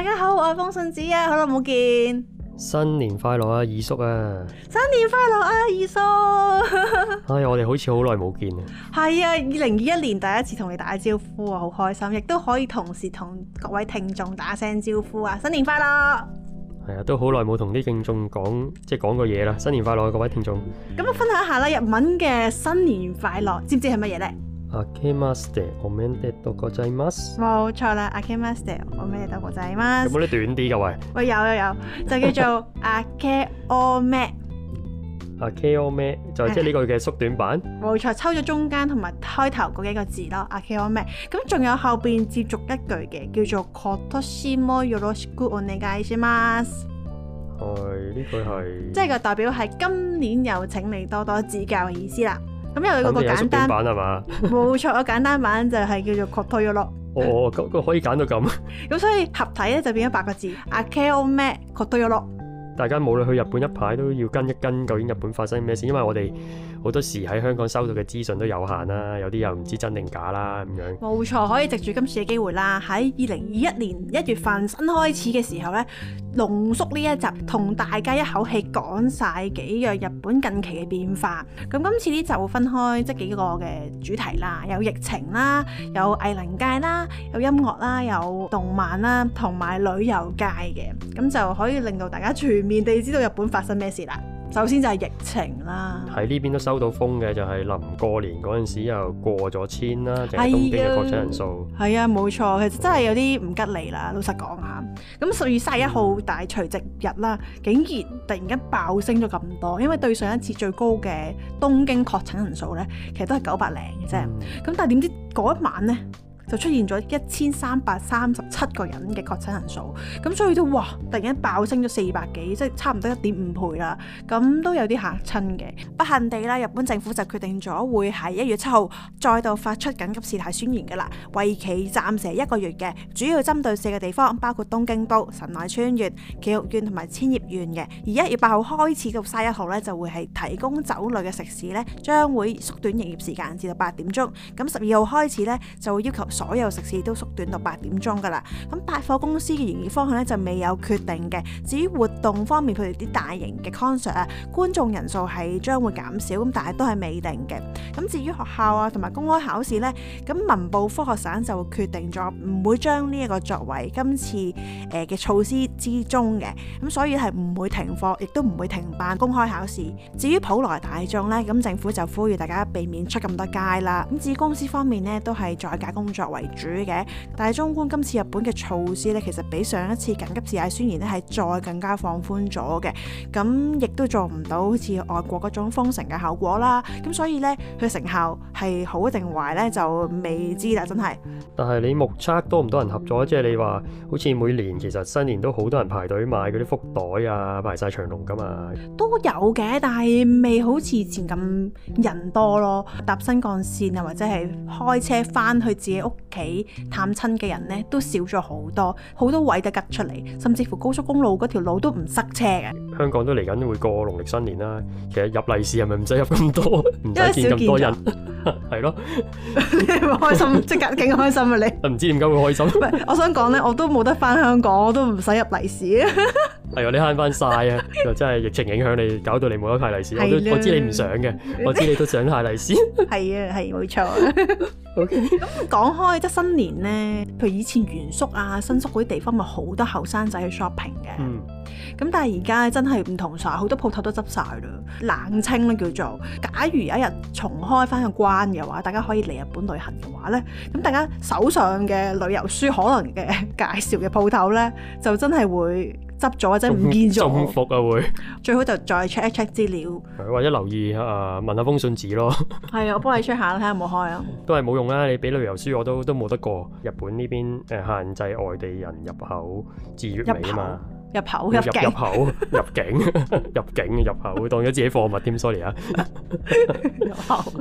大家好，我係風信子啊，好耐冇見，新年快樂啊，二叔啊，新年快樂啊，二叔， 哎我哋好似好耐冇見啊，係啊，二零二一年第一次同你打招呼啊，好開心，亦都可以同時同各位聽眾打聲招呼啊，新年快樂，係啊，都好耐冇同啲聽眾講，即係講過嘢啦，新年快樂啊，各位聽眾，咁啊，分享下啦，日文嘅新年快樂，知唔知係乜嘢呢？阿基馬斯德，我咩都過獎嗎？冇錯啦，阿基馬斯德，我咩都過獎嗎？De, 有冇啲短啲嘅位？喂，有有有，就叫做阿基奧咩？阿基奧咩？Me, 就即係呢個嘅縮短版。冇 錯，抽咗中間同埋開頭嗰幾個字咯，阿基奧咩？咁仲有後邊接續一句嘅，叫做 Kotashimo Yoroshiku Onegaishimas。係呢句係，即係個代表係今年又請你多多指教嘅意思啦。咁又有嗰個，個簡單版，冇 錯啊！簡單版就係叫做擴推咗落。哦 oro 哦，咁可以揀到咁。咁所以合體咧就變咗八個字 Akeome 推咗落。Me, ro 大家無論去日本一排都要跟一跟，究竟日本發生咩事，因為我哋。好多時喺香港收到嘅資訊都有限啦、啊，有啲又唔知真定假啦、啊、咁樣。冇錯，可以藉住今次嘅機會啦，喺二零二一年一月份新開始嘅時候呢，濃縮呢一集同大家一口氣講晒幾樣日本近期嘅變化。咁今次呢就分開即、就是、幾個嘅主題啦，有疫情啦，有藝能界啦，有音樂啦，有動漫啦，同埋旅遊界嘅，咁就可以令到大家全面地知道日本發生咩事啦。首先就係疫情啦，喺呢邊都收到風嘅，就係臨過年嗰陣時又過咗千啦，東京嘅確診人數。係啊、哎呀，冇、哎、錯，其實真係有啲唔吉利啦。嗯、老實講下咁十二三十一號大除夕日啦、嗯，竟然突然間爆升咗咁多，因為對上一次最高嘅東京確診人數呢，其實都係九百零嘅啫。咁、嗯、但係點知嗰一晚呢？就出現咗一千三百三十七個人嘅確診人數，咁所以都哇突然間爆升咗四百幾，即係差唔多一點五倍啦，咁都有啲嚇親嘅。不幸地啦，日本政府就決定咗會喺一月七號再度發出緊急事態宣言㗎啦，為期暫時一個月嘅，主要針對四個地方，包括東京都、神奈川縣、埼玉縣同埋千葉縣嘅。而一月八號開始到卅一號呢，就會係提供酒類嘅食肆呢，將會縮短營業時間至到八點鐘。咁十二號開始呢，就會要求，所有食肆都縮短到八點鐘㗎啦。咁百貨公司嘅營業方向咧就未有決定嘅。至於活動方面，譬如啲大型嘅 concert 啊，觀眾人數係將會減少，咁但係都係未定嘅。咁至於學校啊，同埋公開考試呢，咁文部科學省就會決定咗唔會將呢一個作為今次誒嘅措施之中嘅。咁所以係唔會停課，亦都唔會停辦公開考試。至於普羅大眾呢，咁政府就呼籲大家避免出咁多街啦。咁至於公司方面呢，都係在家工作。為主嘅，但係中觀今次日本嘅措施咧，其實比上一次緊急事態宣言咧係再更加放寬咗嘅，咁亦都做唔到好似外國嗰種封城嘅效果啦，咁所以咧佢成效係好定壞咧就未知啦，真係。但係你目測多唔多人合作啊？即係你話好似每年其實新年都好多人排隊買嗰啲福袋啊，排晒長龍噶嘛？都有嘅，但係未好似以前咁人多咯，搭新幹綫啊，或者係開車翻去自己屋。企探親嘅人咧，都少咗好多，好多位得吉出嚟，甚至乎高速公路嗰條路都唔塞車嘅。香港都嚟緊會過農曆新年啦，其實入利是係咪唔使入咁多？唔使見咁多人，係咯、 嗯。 你唔開心，即刻點開心啊？你唔 知點解會開心？我想講咧，我都冇得翻香港，我都唔使入利 是啊。係啊，你慳翻晒啊！真係疫情影響你，搞到你冇得派利是的。 我我知你唔想嘅，我知你都想派利是。係啊，係冇錯。咁 Okay. 講開，即係新年咧，譬如以前原宿啊、新宿嗰啲地方，咪好、嗯、多後生仔去 shopping 嘅。咁但係而家真係唔同晒，好多鋪頭都執晒啦，冷清啦叫做。假如有一日重開返個關嘅話，大家可以嚟日本旅行嘅話咧，咁大家手上嘅旅遊書可能嘅介紹嘅鋪頭咧，就真係會。執咗真係唔見咗，中伏啊會，最好就再 check 一 check 資料，或者留意啊、呃、問下風信子咯。係啊，我幫你 check 下睇下有冇開啊。都係冇用啦，你俾旅遊書我都都冇得過。日本呢邊誒限制外地人入口，至月尾啊嘛。入口入境，入口入境入境入口，當咗自己貨物添 ，sorry 啊！入口，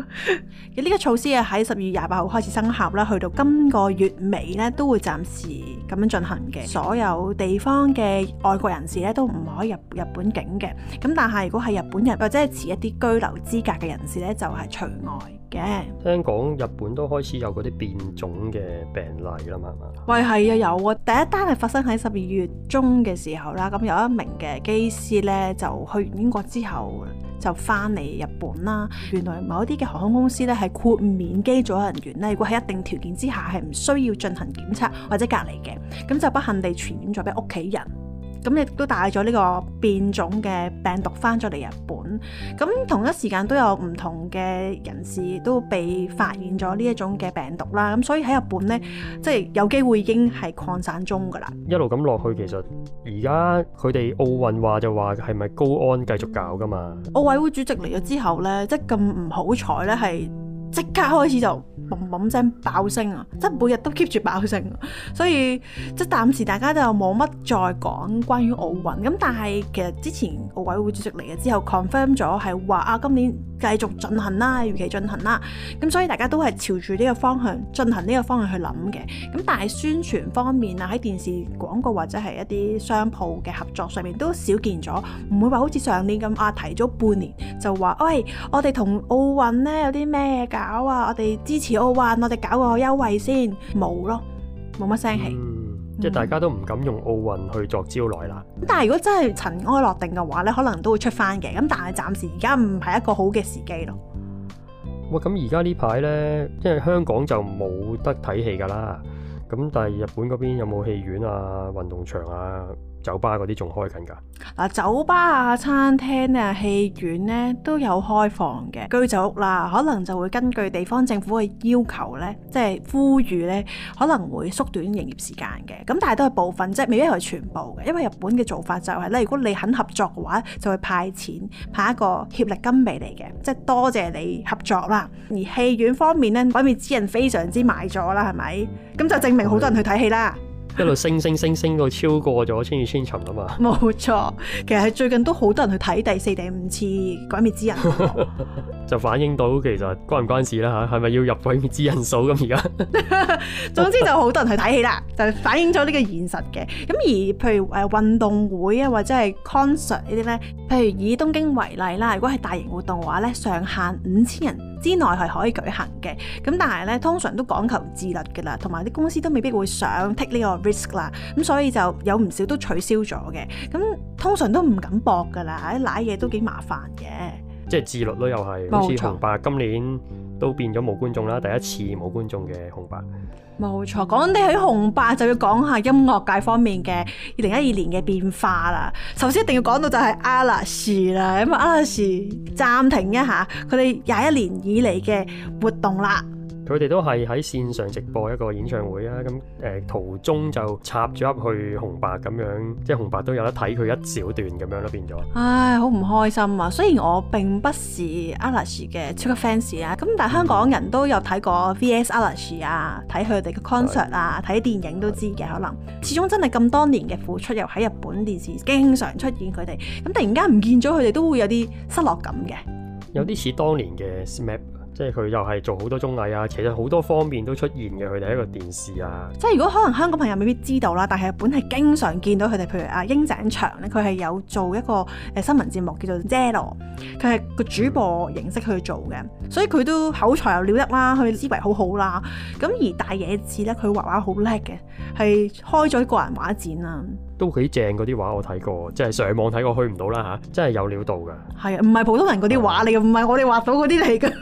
呢個措施啊，喺十二月廿八號開始生效啦，去到今個月尾咧都會暫時咁樣進行嘅。所有地方嘅外國人士咧都唔可以入日本境嘅，咁但係如果係日本人或者係持一啲居留資格嘅人士咧，就係除外。嘅，Yeah. 聽講日本都開始有嗰啲變種嘅病例啦嘛，係咪？喂，係啊，有啊，第一單係發生喺十二月中嘅時候啦，咁有一名嘅機師咧就去完英國之後就翻嚟日本啦。原來某啲嘅航空公司咧係豁免機組人員咧，如果喺一定條件之下係唔需要進行檢測或者隔離嘅，咁就不幸地傳染咗俾屋企人。咁亦都帶咗呢個變種嘅病毒返咗嚟日本。咁同一時間都有唔同嘅人士都被發現咗呢一種嘅病毒啦。咁所以喺日本呢，即係有機會已經係擴散中㗎喇。一路咁落去，其實而家佢哋奧運話就話係咪高安繼續搞㗎嘛？奧委會主席嚟咗之後呢，即係咁唔好彩呢，係即刻開始就。嘣嘣聲爆升啊！即係每日都 keep 住爆升，所以即係暫時大家就冇乜再講關於奧運咁。但係其實之前奧委會主席嚟嘅之後 confirm 咗係話啊，今年，繼續進行啦，如期進行啦，咁所以大家都係朝住呢個方向進行呢個方向去諗嘅，咁但係宣傳方面啊，喺電視廣告或者係一啲商鋪嘅合作上面都少見咗，唔會話好似上年咁啊提咗半年就話，喂，我哋同奧運呢有啲咩搞啊，我哋支持奧運，我哋搞個優惠先，冇咯，冇乜聲氣。即係大家都唔敢用奧運去作招來啦、嗯。咁但係如果真係塵埃落定嘅話咧，可能都會出返嘅。咁但係暫時而家唔係一個好嘅時機咯。哇！咁而家呢排咧，即係香港就冇得睇戲噶啦。咁但係日本嗰邊有冇戲院啊、運動場啊？酒吧嗰啲仲開緊㗎？嗱，酒吧啊、餐廳啊、戲院咧都有開放嘅，居酒屋啦，可能就會根據地方政府嘅要求咧，即係呼籲咧，可能會縮短營業時間嘅。咁但係都係部分，即係未必係全部嘅，因為日本嘅做法就係咧，如果你肯合作嘅話，就會派錢派一個協力金俾你嘅，即係多謝你合作啦。而戲院方面咧，鬼滅之刃非常之賣座啦，係咪？咁就證明好多人去睇戲啦。 一路升星升升升到超過咗千與千尋啊嘛！冇錯，其實係最近都好多人去睇第四、第五次《鬼滅之刃》。 就反映到其實關唔關事啦嚇，係咪要入《鬼滅之刃》數咁而家？總之就好多人去睇戲啦，就是、反映咗呢個現實嘅。咁而譬如誒運動會啊，或者係 concert 呢啲咧。譬如以東京為例啦，如果係大型活動嘅話咧，上限五千人之內係可以舉行嘅。咁但係咧，通常都講求自律嘅啦，同埋啲公司都未必會想 take 呢個 risk 啦。咁所以就有唔少都取消咗嘅。咁通常都唔敢搏㗎啦，唉，拉嘢都幾麻煩嘅。即係自律咯，又係好似紅白今年都變咗冇觀眾啦，第一次冇觀眾嘅紅白。冇錯，講到起紅白就要講下音樂界方面嘅二零一二年嘅變化啦。首先一定要講到就係嵐啦，嵐暫停一下佢哋廿一年以嚟嘅活動啦。佢哋都係喺線上直播一個演唱會啊！咁誒、呃、途中就插咗入去紅白咁樣，即係紅白都有得睇佢一小段咁樣咯，變咗。唉，好唔開心啊！雖然我並不是 ARASHI 嘅超級 fans 啊，咁但係香港人都有睇過 VS ARASHI 啊，睇佢哋嘅 concert 啊，睇的電影都知嘅。的可能始終真係咁多年嘅付出，又喺日本電視經常出現佢哋，咁突然間唔見咗佢哋，都會有啲失落感嘅。有啲似當年嘅 SMAP。即係佢又係做好多綜藝啊，其實好多方面都出現嘅。佢哋一個電視啊，即係如果可能香港朋友未必知道啦，但係日本係經常見到佢哋，譬如啊，櫻井翔咧，佢係有做一個誒新聞節目叫做《Zero》，佢係個主播形式去做嘅，嗯、所以佢都口才又了得啦，佢思維好好啦。咁而大野智咧，佢畫畫好叻嘅，係開咗個人畫展啊，都幾正嗰啲畫我睇過，即係上網睇過去，去唔到啦吓，真係有料到㗎。係啊，唔係普通人嗰啲畫嚟嘅，唔係我哋畫到嗰啲嚟㗎。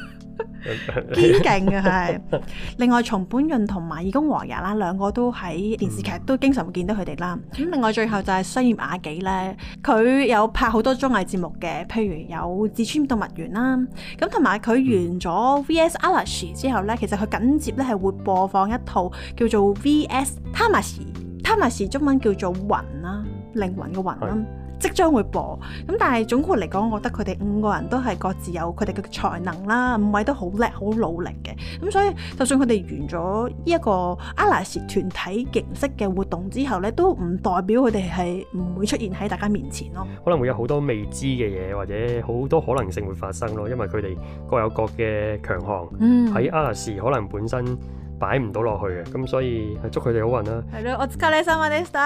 堅勁嘅係， 另外松本潤同埋二宮和也啦，兩個都喺電視劇都經常見到佢哋啦。咁 另外最後就係相葉雅紀咧，佢有拍好多綜藝節目嘅，譬如有志村動物園啦，咁同埋佢完咗 V S 嵐之後咧，其實佢緊接咧係會播放一套叫做 V S Tamashi，Tamashi 中文叫做魂啦，靈魂嘅魂啦。即將會播咁，但係總括嚟講，我覺得佢哋五個人都係各自有佢哋嘅才能啦。五位都好叻，好努力嘅，咁，所以就算佢哋完咗呢一個 Arashi 團體形式嘅活動之後呢，都唔代表佢哋係唔會出現喺大家面前咯。可能會有好多未知嘅嘢，或者好多可能性會發生咯，因為佢哋各有各嘅強項。嗯，喺 Arashi 可能本身。擺唔到落去嘅，咁所以係祝佢哋好運啦。係咯，我祝佢哋心安理得。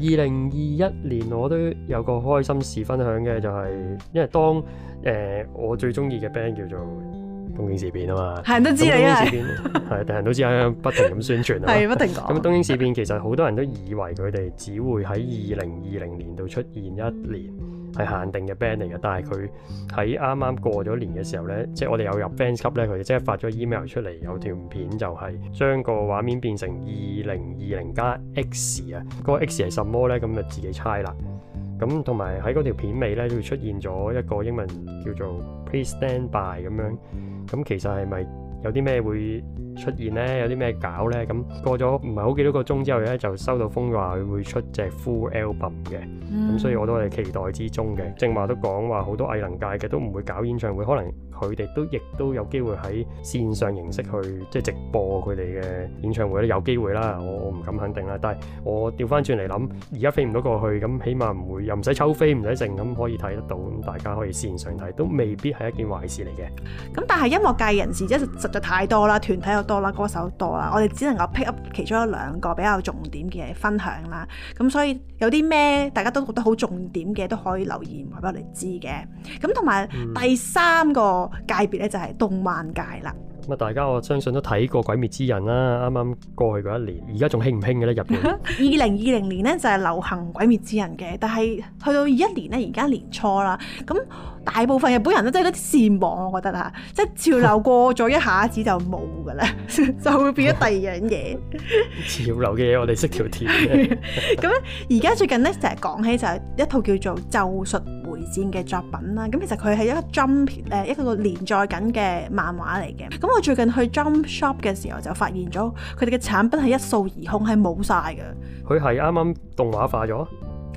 二零二一年我都有個開心事分享嘅，就係、是、因為當誒、呃、我最中意嘅 band 叫做東京事變啊嘛，係人都知你啊，係，但係 人都知喺不停咁宣傳啊，係 不停講。咁東京事變其實好多人都以為佢哋只會喺二零二零年度出現一年。 係限定嘅 band 嚟嘅，但係佢喺啱啱過咗年嘅時候咧，即係我哋有入 fans 級咧，佢即係發咗 email 出嚟，有條片就係將個畫面變成二零二零加 X 啊，個 X 係什麼咧？咁就自己猜啦。咁同埋喺嗰條片尾咧，都會出現咗一個英文叫做 Please stand by 咁樣。咁其實係咪？有啲咩會出現呢？有啲咩搞呢？咁過咗唔係好幾多個鐘之後呢，就收到風話佢會出隻 full album 嘅，咁、嗯、所以我都係期待之中嘅。正話都講話好多藝能界嘅都唔會搞演唱會，可能。佢哋都亦都有機會喺線上形式去即係直播佢哋嘅演唱會咧，有機會啦，我我唔敢肯定啦。但係我調翻轉嚟諗，而家飛唔到過去，咁起碼唔會又唔使抽飛，唔使剩咁可以睇得到，咁大家可以線上睇，都未必係一件壞事嚟嘅。咁但係音樂界人士即係實在太多啦，團體又多啦，歌手多啦，我哋只能夠 pick up 其中一兩個比較重點嘅分享啦。咁所以有啲咩大家都覺得好重點嘅，都可以留言話俾我哋知嘅。咁同埋第三個。界別咧，就係動漫界啦。咁啊，大家我相信都睇過《鬼滅之刃》啦。啱啱過去嗰一年，而家仲興唔興嘅咧？入邊二零二零年咧，就係流行《鬼滅之刃》嘅，但係去到二一年咧，而家年初啦，咁大部分日本人都即係嗰啲善忘，我覺得啊，即係潮流過咗一下子就冇噶啦， 就會變咗第二樣嘢。潮流嘅嘢我哋識條鐵嘅。咁咧，而家最近咧成日講起就係一套叫做《咒術》回戰嘅作品啦，咁其實佢係一個 jump 誒一個連載緊嘅漫畫嚟嘅。咁我最近去 jump shop 嘅時候就發現咗，佢哋嘅產品係一掃而空，係冇晒嘅。佢係啱啱動畫化咗。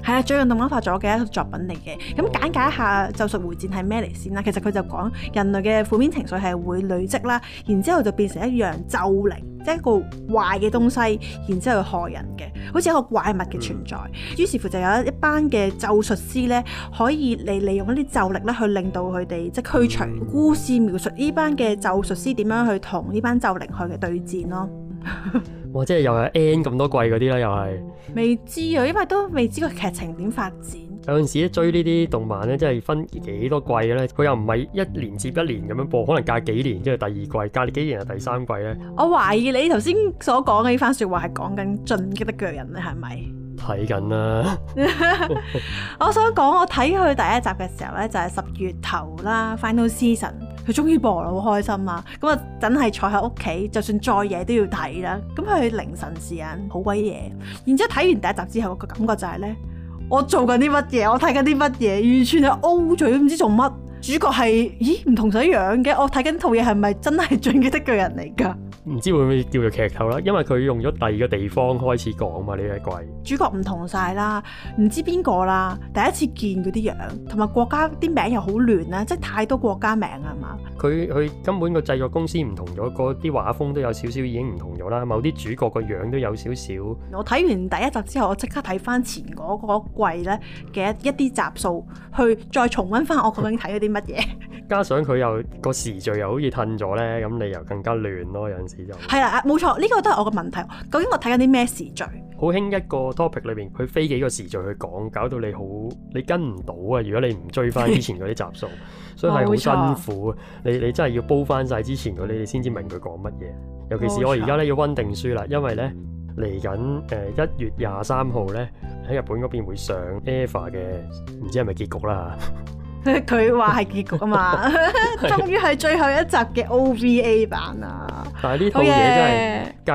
係啊，最近動畫化咗嘅一個作品嚟嘅，咁簡解一下《咒術回戰》係咩嚟先啦？其實佢就講人類嘅負面情緒係會累積啦，然之後就變成一樣咒靈，即係一個壞嘅東西，然之後去害人嘅，好似一個怪物嘅存在。嗯，於是乎就有一班嘅咒術師咧，可以嚟利用一啲咒力咧，去令到佢哋即係驅除。故事描述呢班嘅咒術師點樣去同呢班咒靈去對戰咯。 哇！即係又係 N 咁多季嗰啲啦，又係未知啊，因為都未知個劇情點發展。有陣時追呢啲動漫、就是、呢，即係分幾多季嘅咧，佢又唔係一年接一年咁樣播，可能隔幾年即係、就是、第二季，隔幾年又第三季呢。我懷疑你頭先所講嘅呢番說話係講緊《進擊的巨人》呢，係咪緊？睇緊啦！我想講，我睇佢第一集嘅時候呢，就係、是、十月頭啦，Final Season。佢終於播啦，好開心啊！咁啊，真係坐喺屋企，就算再夜都要睇啦。咁佢凌晨時間好鬼夜，然之後睇完第一集之後，個感覺就係咧，我做緊啲乜嘢？我睇緊啲乜嘢？完全係 O 嘴，都唔知做乜。主角係咦？唔同想樣嘅。我睇緊套嘢係咪真係《進擊的巨人》嚟㗎？唔知會唔會叫做劇透啦，因為佢用咗第二個地方開始講嘛呢一季。主角唔同晒啦，唔知邊個啦，第一次見嗰啲樣，同埋國家啲名又好亂啦，即係太多國家名啊嘛。佢佢根本個製作公司唔同咗，嗰啲畫風都有少少已經唔同咗啦，某啲主角個樣都有少少。我睇完第一集之後，我即刻睇翻前嗰個季呢嘅一啲集數，去再重温翻我究竟睇咗啲乜嘢。 加上佢又個時序又好似褪咗咧，咁你又更加亂咯。有陣時就係啊，冇錯，呢個都係我嘅問題。究竟我睇緊啲咩時序？好興一個 topic 裏面，佢飛幾個時序去講，搞到你好你跟唔到啊！如果你唔追翻之前嗰啲集數， 所以係好辛苦，冇錯。你你真係要煲翻晒之前嗰啲，你哋先至明佢講乜嘢。尤其是我而家咧要温定書啦，因為咧嚟緊誒一月廿三號咧喺日本嗰邊會上《EVA》嘅，唔知係咪結局啦？ 佢話係結局啊嘛， 終於係最後一集嘅 OVA 版啊！但係呢套嘢真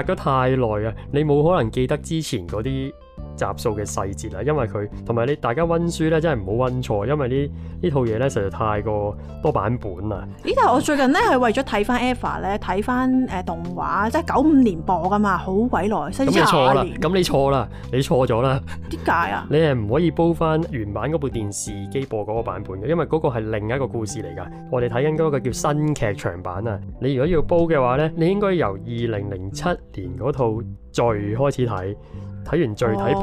係隔咗太耐啊，oh yeah，你冇可能記得之前嗰啲集數嘅細節啦，因為佢同埋你大家温書咧，真係唔好温錯，因為呢呢套嘢咧，實在太過多版本啦。咦、欸？我最近咧係 為咗睇翻《EVA》咧、呃，睇翻誒動畫，即係九五年播噶嘛，好鬼耐，甚至廿年。咁你錯啦！你錯咗啦！點解啊！ 你係唔可以煲翻原版嗰部電視機播嗰個版本嘅，因為嗰個係另一個故事嚟噶。我哋睇緊嗰個叫新劇場版啊！你如果要煲嘅話咧，你應該由二零零七年嗰套。 序開始睇，睇完序睇破，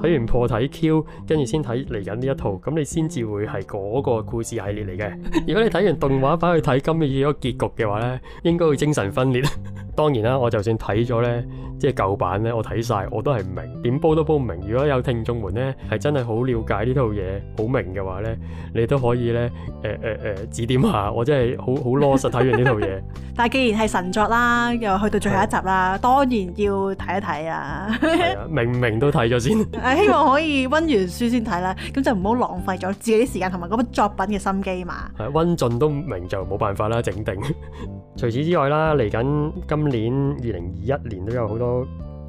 睇、oh. 完破睇 Q，跟住先睇嚟緊呢一套，咁你先至會係嗰個故事系列嚟嘅。 如果你睇完動畫返去睇今日嘅一個結局嘅話呢，應該會精神分裂。 當然啦，我就算睇咗呢，即係舊版呢，我睇晒我都係唔明，點煲都煲唔明。如果有聽眾們呢，係真係好了解呢套嘢，好明嘅話呢，你都可以呢，誒誒誒指點下我真，真係好好 loss 睇完呢套嘢。 但係既然係神作啦，又去到最後一集啦， 當然要。睇一睇 啊！明唔明都睇咗先。 啊，希望可以溫完書先睇啦，咁就唔好浪費咗自己啲時間同埋嗰本作品嘅心機嘛。溫盡、啊、都唔明就冇辦法啦，整定。 除此之外啦，嚟緊今年二零二一年都有好多。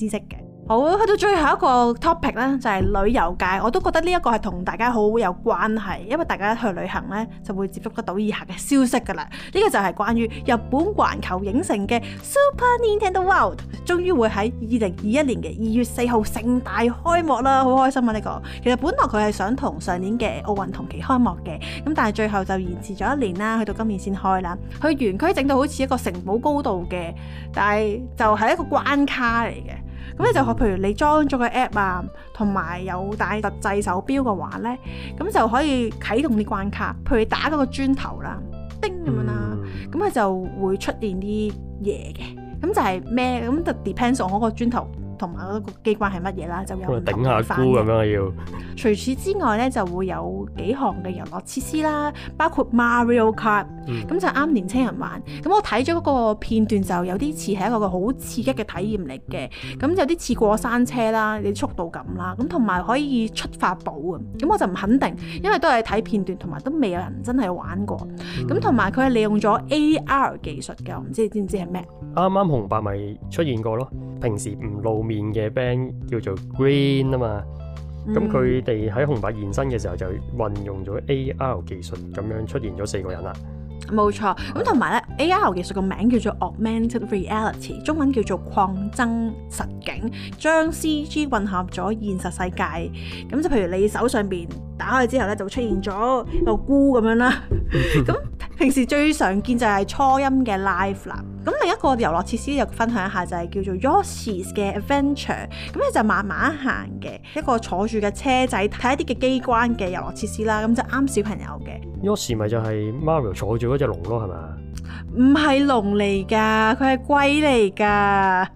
知識嘅好去到最後一個 topic 咧，就係旅遊界，我都覺得呢一個係同大家好有關係，因為大家去旅行咧就會接觸得到以下嘅消息噶啦。呢個就係關於日本環球影城嘅 Super Nintendo World，終於會喺二零二一年嘅二月四號盛大開幕啦！好開心啊呢個。其實本來佢係想同上年嘅奧運同期開幕嘅，咁但係最後就延遲咗一年啦，去到今年先開啦。佢園區整到好似一個城堡高度嘅，但係就係一個關卡嚟嘅。咁咧就譬如你裝咗個 app 啊，同埋有戴特製手錶嘅話咧，咁就可以啟動啲關卡，譬如你打嗰個磚頭啦、叮咁樣啦，咁佢就會出現啲嘢嘅，咁就係咩？咁就 depends on 嗰個磚頭。同埋嗰個機關係乜嘢啦？就有頂下箍咁樣要。除此之外呢，就會有幾項嘅娛樂設施啦，包括 Mario c r p，咁就啱年青人玩。咁我睇咗嗰個片段，就有啲似係一個好刺激嘅體驗嚟嘅。咁有啲似過山車啦，啲速度感啦，咁同埋可以出發步啊。咁我就唔肯定，因為都係睇片段，同埋都未有人真係玩過。咁同埋佢係利用咗 AR 技術嘅，我唔知你知唔知係咩？啱啱紅白咪出現過咯。平時唔露面嘅 band 叫做 Green 啊嘛，咁佢哋喺紅白現身嘅時候就運用咗 AR 技術咁樣出現咗四個人啦。冇錯，咁同埋咧，AR 技術個名叫做 Augmented Reality，中文叫做擴增實境，將 CG 混合咗現實世界，咁就譬如你手上邊打開之後咧，就出現咗個菇咁樣啦，咁。平時最常見就係初音嘅 live 啦，咁另一個遊樂設施就分享一下就係叫做 Yoshi 嘅 Adventure，咁咧就慢慢行嘅一個坐住嘅車仔，睇一啲嘅機關嘅遊樂設施啦，咁就啱小朋友嘅。Yoshi 咪就係 Mario 坐住嗰隻龍咯，係咪？唔係龍嚟㗎，佢係龜嚟㗎。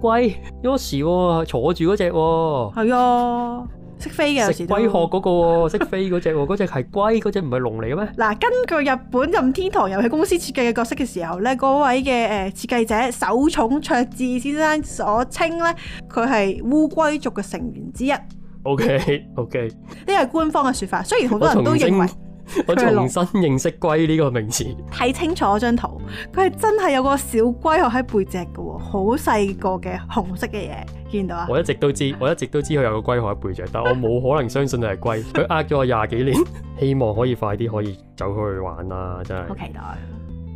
龜？Yoshi 喎，坐住嗰隻喎。係啊。識飛嘅，食龜殼嗰個，哦，識飛嗰隻，嗰隻係龜，嗰隻唔係龍嚟嘅咩？嗱、啊，根據日本任天堂遊戲公司設計嘅角色嘅時候咧，嗰位嘅誒設計者手冢卓志先生所稱咧，佢係烏龜族嘅成員之一。OK，OK，呢個係官方嘅說法，雖然好多人都認為同。我 重新認識龜呢個名詞，睇清楚張圖，佢係真係有個小龜殼喺背脊㗎，好細個嘅紅色嘅嘢，見到啊？我一直都知，我一直都知佢有個龜殼喺背脊，但係我冇可能相信佢係龜，佢呃咗我廿幾年，希望可以快啲可以走去玩啊。真係。好期待。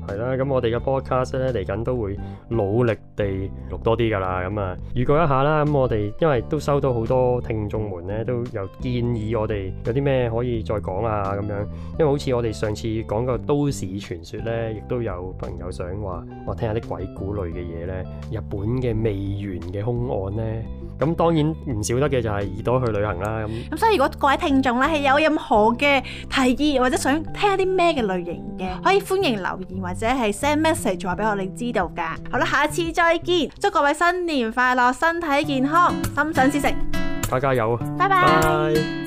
係啦，咁我哋嘅 podcast 咧嚟緊都會努力地錄多啲㗎啦，咁啊預告一下啦，咁我哋因為都收到好多聽眾們咧，都有建議我哋有啲咩可以再講啊咁樣，因為好似我哋上次講個都市傳說咧，亦都有朋友想話，我聽下啲鬼故類嘅嘢咧，日本嘅未完嘅凶案咧。咁當然唔少得嘅就係耳朵去旅行啦咁。咁所以如果各位聽眾咧，係有任何嘅提議或者想聽一啲咩嘅類型嘅，可以歡迎留言或者係 send message 話俾我哋知道㗎。好啦，下次再見，祝各位新年快樂，身體健康，心想事成，加加油，拜拜。Bye bye, Bye.